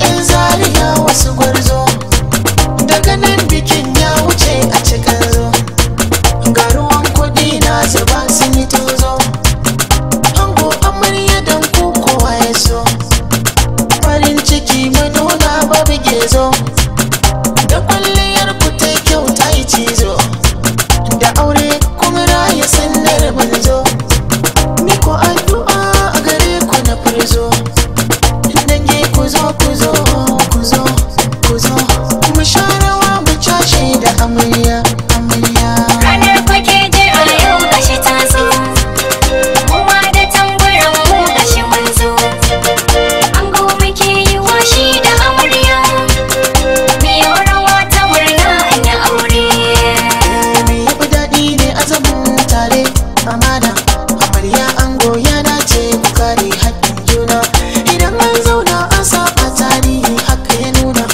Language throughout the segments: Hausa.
'yan zariya wasu gwarzo daga nan bikin ya wuce a cikin zo garuwan kudi na zuba sun yi tozo hango amarya don kowa ya so farin ciki manuna babu gezo amana barya ango ya dace ku kare haƙƙin juna idan an zauna an saba tarihi haka ya nuna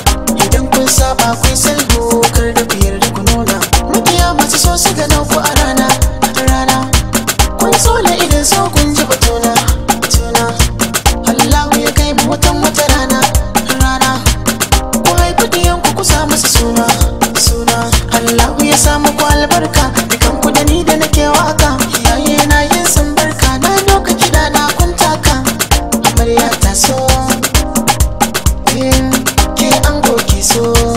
idan kun saba kun sulhu kar da ku yarda ku nuna makiya masu so su ga ku a rana rana kun sola idan so kun ji batuna Allahu ya kai mu watan wata rana rana ku haifu diyan ku ku sa suna suna Allahu ya samu ku albarka Ki an ki so